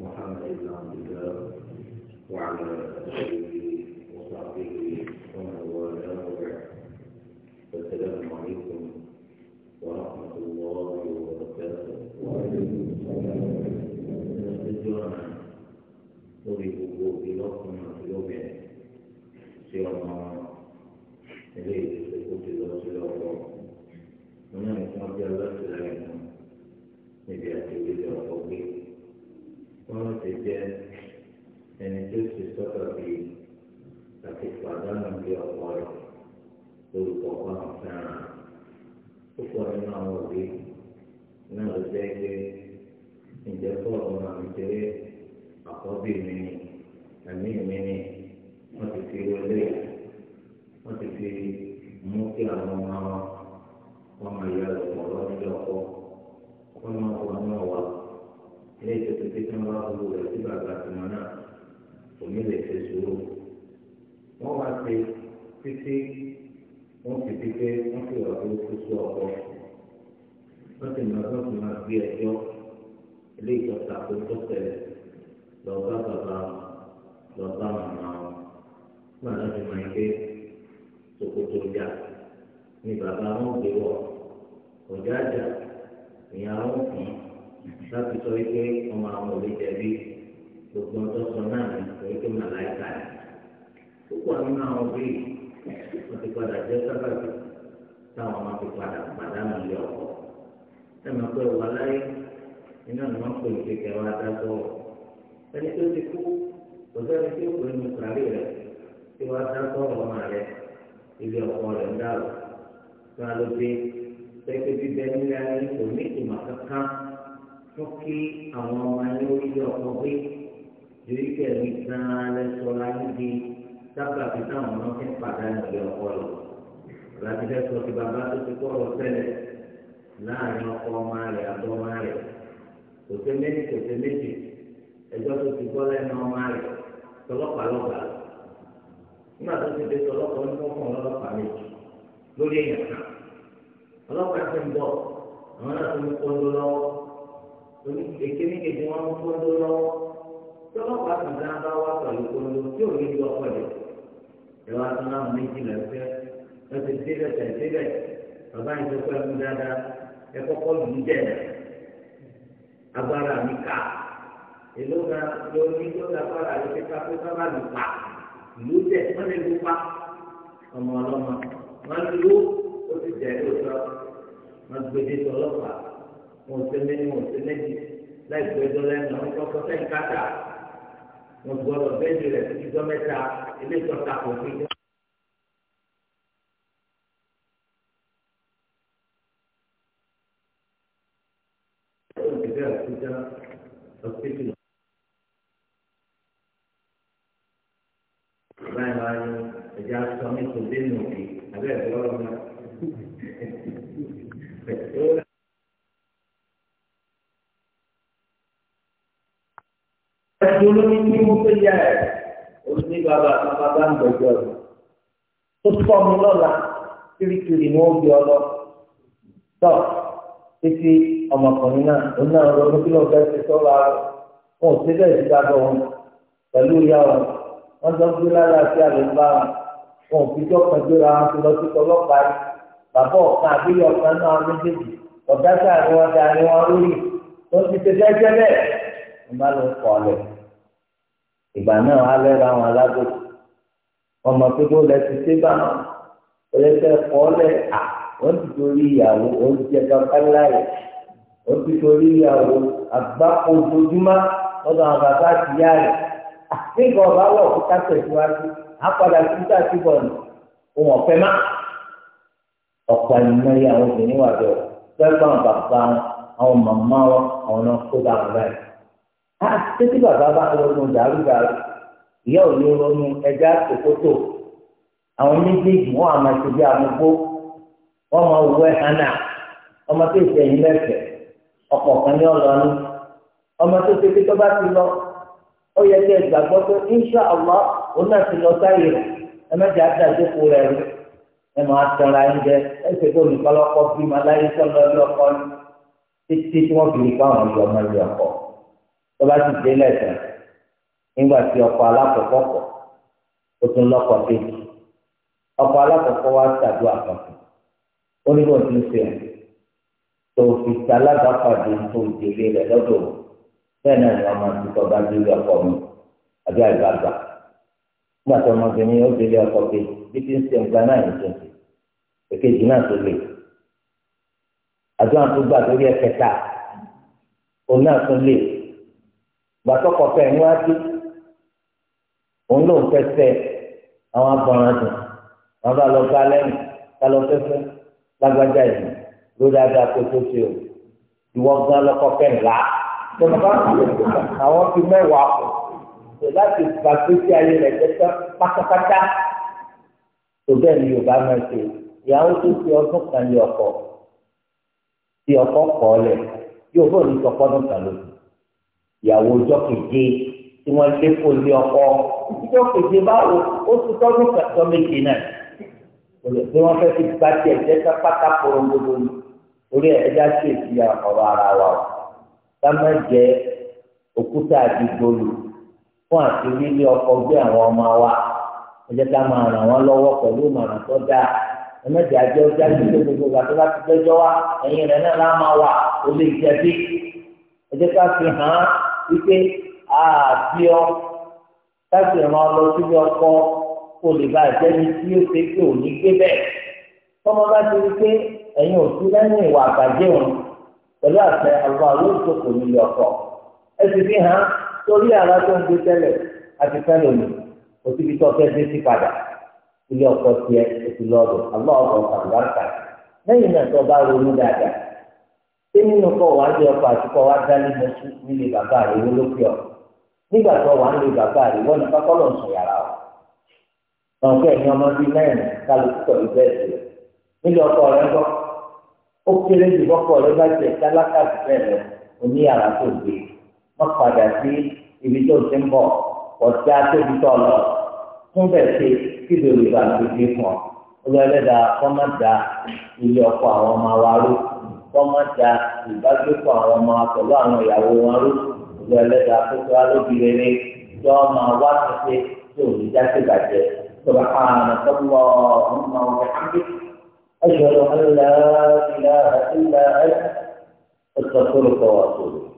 محمد بن عبد الله وعلى آله وصحبه ti jẹ́ ẹni tó ṣe sọ́tọ̀ bí àti pàdánù bí ọ̀pọ̀ rẹ̀ lórúkọ kan fẹ́ràn. púpọ̀ nínú àwọn òbí náà ló jẹ́ pé ǹjẹ́ bọ́ọ̀lù ọmọ mi tẹ̀lé àkọ́bí mi ni ẹ̀mí mi ni wọ́n ti fi wọlé wọ́n ti fi mú kí àwọn ọmọ wọn wọ́n máa yọ ọ̀pọ̀ lọ́dún ọkọ̀ wọ́n máa wọ náà wà ilé ìtẹ̀tẹ̀ pé kí wọ́n wọ́n rẹ̀ sí bàbá àtìmọ́ náà òní lè ṣe sùúrù wọ́n wá ṣe títí wọ́n fi ti pé wọ́n fi wà ló kú sí ọkọ wọ́n ti máa bá fún máa gbé ẹjọ́ ilé ìjọta tó tó tẹ̀lé lọ bá bàbá lọ bá màmá wọn wọn àná ti máa gbé ṣòkòtò ìjà ni bàbá wọn gbé wọ ọjà àjà ìyá wọn kàn án láti sọ wípé ọmọ àwọn òbí jẹ̀bi gbogbo ọjọ́ sọ náà ní torí pé màláìka ni púpọ̀ nínú àwọn òbí wọn ti padà jẹ́ sábàbí táwọn ọmọ ti padà pàdánù ilé ọkọ ẹ máa pẹ́ wà láyé iná ni wọ́n pè ní kékeré wa dá sọ́wọ́ ẹni tó ti kú kò sẹ́ni tí ó pè ní sàárì rẹ̀ tí wọ́n dá sọ́wọ́ ọmọ rẹ̀ ilé ọkọ rẹ̀ ń dàrú tí wọ́n á lọ bíbẹ́ nílẹ̀ ayé kò ní ìmọ̀ tó kí àwọn ọmọ ayé orí ọkọ gbé lórí kẹ̀mí gan-an lẹ́sọ̀ láyé di sábà fi táwọn ọmọ fi ń pàdánù ìlú ọkọ lọ. Ìgbàdí lẹ́sọ̀ ti bàbá tó ti kọ́ lọ sẹ́lẹ̀ láàrin ọkọ ọmọ rẹ̀ àbọ̀ ọmọ rẹ̀. Kò sí méjì kò sí méjì ẹjọ́ tó ti gbọ́ lẹ́nu ọmọ rẹ̀ tọlọ́pàá lọ́gbà. Nígbà tó ti dé tọlọ́pàá ní wọ́n fún méjì lórí èèyàn kan. Ọlọ́pàá ti ń bọ̀ àwọn náà tó ń kó lọ́wọ́ oníkèkéríkè tí wọ́n mú kóńdó lọ́wọ́ tí ọlọ́pàá tó dáná bá wá pẹ̀lú kóńdó tí ò ní ju ọkọ̀ jù ẹ̀rọ atúná méjì lẹ́fẹ́ lọ́sẹ̀ débẹ̀ tẹ̀ débẹ̀ bàbá yìí tó pẹ́ mú dáadáa ẹ kọ́kọ́ lù ú jẹ̀ agbára mi ká èló ga yóò ní yóò lágbára yóò fi ká pé sábà lù pa lù jẹ̀ wọ́n lè lù pa ọmọ ọlọ́mọ wọ́n lù ó ti jẹ̀ lóòótọ́ wọ́n gbé dé tọ́lọ́pàá. wọn ò sẹ́lẹ̀ ní wọn ò sẹ́lẹ̀ jì láì pẹ́ dọ́lẹ́ náà wọn kọ́ sọ́sẹ́ ìkátà wọn gbọ́dọ̀ bẹ́ẹ̀ni rẹ̀ fún ìjọ mẹ́ta ilé ìtọ́ta kò fi jọ. Báyìí máa ń ẹja sọ ní kò dé nù bí abẹ́ ẹ̀rọ ọ̀gá. olórí tí mo fẹ́ yá ẹ̀ òní bàbá bàbá ń gbẹ̀jọ́ rẹ̀ tó tọ́ mi lọ́la kirikiri ni wọ́n gbé ọ lọ tọ́ títí ọmọkùnrin náà òun náà ronú kí ló fẹ́ ṣe sọ́ra wọn ò síbẹ̀ sí dábọ̀ wọn pẹ̀lú ìyá wọn wọn jọ gbé lára sí àlùbá wọn ò fi jọ́ kan gbéra wọn ti lọ sí ọlọ́pàá bàbá ọ̀kan àbíyọ̀ kan náà méjèèjì ọ̀gá sáà ni wọ́n dá ni wọ́n rí lọ sí ṣe jẹ́jẹ́ bẹ́ẹ̀ ìbálòpọ̀ rẹ̀ ìgbà náà wà lẹ́rọ àwọn alágbèbè ọmọ tó tó lẹ ti ṣe bá wọn ẹlẹsẹ kọ́lẹ̀ à wọ́n ti torí ìyàwó oúnjẹ kankan láyè wọ́n ti torí ìyàwó àgbákò ojoojúmọ́ lọ́dọ̀ àwọn bàbá àti ìyá rẹ̀ nígbà ọ̀bá wọ̀ kó ká tẹ̀síwájú àpàdà títà sí bọ̀ọ̀nù òun ọ̀fẹ́ má ọ̀pọ̀ ìmọ̀ ìyàwó obìnrin wà bẹ̀rẹ̀ fẹ́ gbọ́n bàbá àwọn màmá wọn àwọn náà kó báyìí á títí bàbá bá ronú dàrúdàrú ìyá ò ní ronú ẹja tòkótò àwọn méjèèjì wọn àmà ti bí àmúgbó wọn máa wọ ẹhán náà ọmọ tó ìsẹyìn lẹsẹ ọ̀pọ̀ kan ní ọlọrin ọmọ tó ṣe pé tó bá ti lọ ó yẹ kí ẹ gbàgbọ́ pé insha allah òun náà ti lọ sáyé rẹ ẹ má jẹ àdàdékò rẹ rẹ ẹ máa tẹnra ẹ jẹ ẹ ṣe pé olùkọ́ lọ́kọ́ bí ma láyé sọ́lọ́ lọ́kọ́ títí tí wọ́n fi lè àwọn ọmọ ìyá ọkọ̀ tọ́ba sì dé lẹ́sẹ̀ nígbà tí ọkọ̀ alákọ̀ọ́kọ́ kọ̀ ó tún lọ́kọ̀ kejì ọkọ̀ alákọ̀ọ́kọ́ wá ṣàdó àkàtọ̀ ó ní bó ti ń ṣe tó fi ṣalágbàpàdé tó ìdèrè rẹ̀ lọ́dọ̀ bẹ́ẹ̀ náà ni wọ́n máa ti tọ́ba délé ọkọ̀ mi àbí àgbàgbà nígbà tí ọmọbìnrin ó délé ọkọ̀ kejì bí ti ń ṣe nǹkan náà ní tó lè gbàtọ́kọ̀ fẹ́ ní wájú òun ló ń fẹsẹ̀ àwọn abọ̀ràn dùn wọn bá lọ bá lẹ́yìn ká lọ fẹ́fẹ́ lágbájá yìí ló dáadáa kó tó ṣe o ìwọ gan lọkọ fẹ́ẹ̀ là tó bá àwọn fi mẹ́wàá kù láti gbà pé kí ayé rẹ̀ tẹ́tẹ́ pátápátá tó bẹ́ẹ̀ ni Yorùbá máa ṣe ìyàwó tó fi ọdún kan lé ọkọ fi ọkọ kọ́ ọ lẹ̀ yóò fóònù sọ fọ́dún kan lóṣù ìyàwó ọjọ́ keje tí wọ́n lé kó lé ọkọ ọjọ́ keje báwo ó ti tọ́jú kẹtọ́ méje náà tí wọ́n fẹ́ fi gba tiẹ̀ jẹ́ta pátá korongodo ni orí ẹ̀dá sì fi ọ̀rọ̀ ara wa o ká má jẹ òkúta àdìgbòlù fún àti lílé ọkọ gbé àwọn ọmọ wa ẹjẹ ká máa ràn wọ́n lọ́wọ́ pẹ̀lú ìmọ̀ràn tó dáa ẹmẹjẹ ajẹ ọjà tó tó gbogbo gbà tó bá wa ẹ̀yin rẹ̀ náà lá máa wà ó lè jẹ̀bi ẹjẹ ká fi hàn án wípé àbí ọ láti ràn ọ lọ síbi ọkọ kó lè bá ìjẹni tí ó ṣe pé òní gbé bẹ́ẹ̀ tọmọ bá ti rí pé ẹ̀yin ò sí lẹ́yìn ìwà àgbàjẹ òun pẹ̀lú àṣẹ àwọn alóòótọ́ kò nílé ọkọ ẹ sì fi hàn torí ara tó ń gbé tẹ́lẹ̀ àti fẹlẹ òní òsibí tó fẹẹ dé sí padà ilé ọkọ tiẹ̀ ètò lọ́dọ̀ àwọn ọkọ àgbàkà lẹ́yìn náà tó bá ronú dáadáa nínú kọ́ wá jẹ ọkọ̀ àti kọ́ wá dálé mọ́tú nílé bàbá rẹ̀ wọ́n ló pè ọ́ nígbà tó wà nílé bàbá rẹ̀ wọ́n ní pápá lọ sùn yàrá wa. ọ̀kẹ́ ẹ̀yin ọmọ bíi mẹ́rin kálukú pẹ̀lú bẹ́ẹ̀ sí rẹ̀ nílé ọkọ̀ rẹ̀ gbọ́ ó kéré jù bọ́kọ̀ rẹ̀ bá jẹ tálákà jù bẹ́ẹ̀ lọ oní yàrá tó gbé wọ́n padà sí ibi tó ti ń bọ̀ ọ̀dà tóbi tọ̀ lọ fún bẹ́ẹ̀ ṣe kí lóore bá gbé fún ọ olùwẹ́lẹ́dàá kọ́ má da ilé ọkọ̀ àwọn ọmọ wa lókù kọ́mọ da ìbágbépọ̀ àwọn ọmọ pẹ̀lú àwọn ìyàwó wọn rú ìlú ẹlẹ́dàá kókó alóbi rere tí wọ́n máa wá tètè tí ò ní jáde bàjẹ́ سبحانك اللهم وبحمدك أشهد أن لا إله إلا أنت أستغفرك وأتوب إليك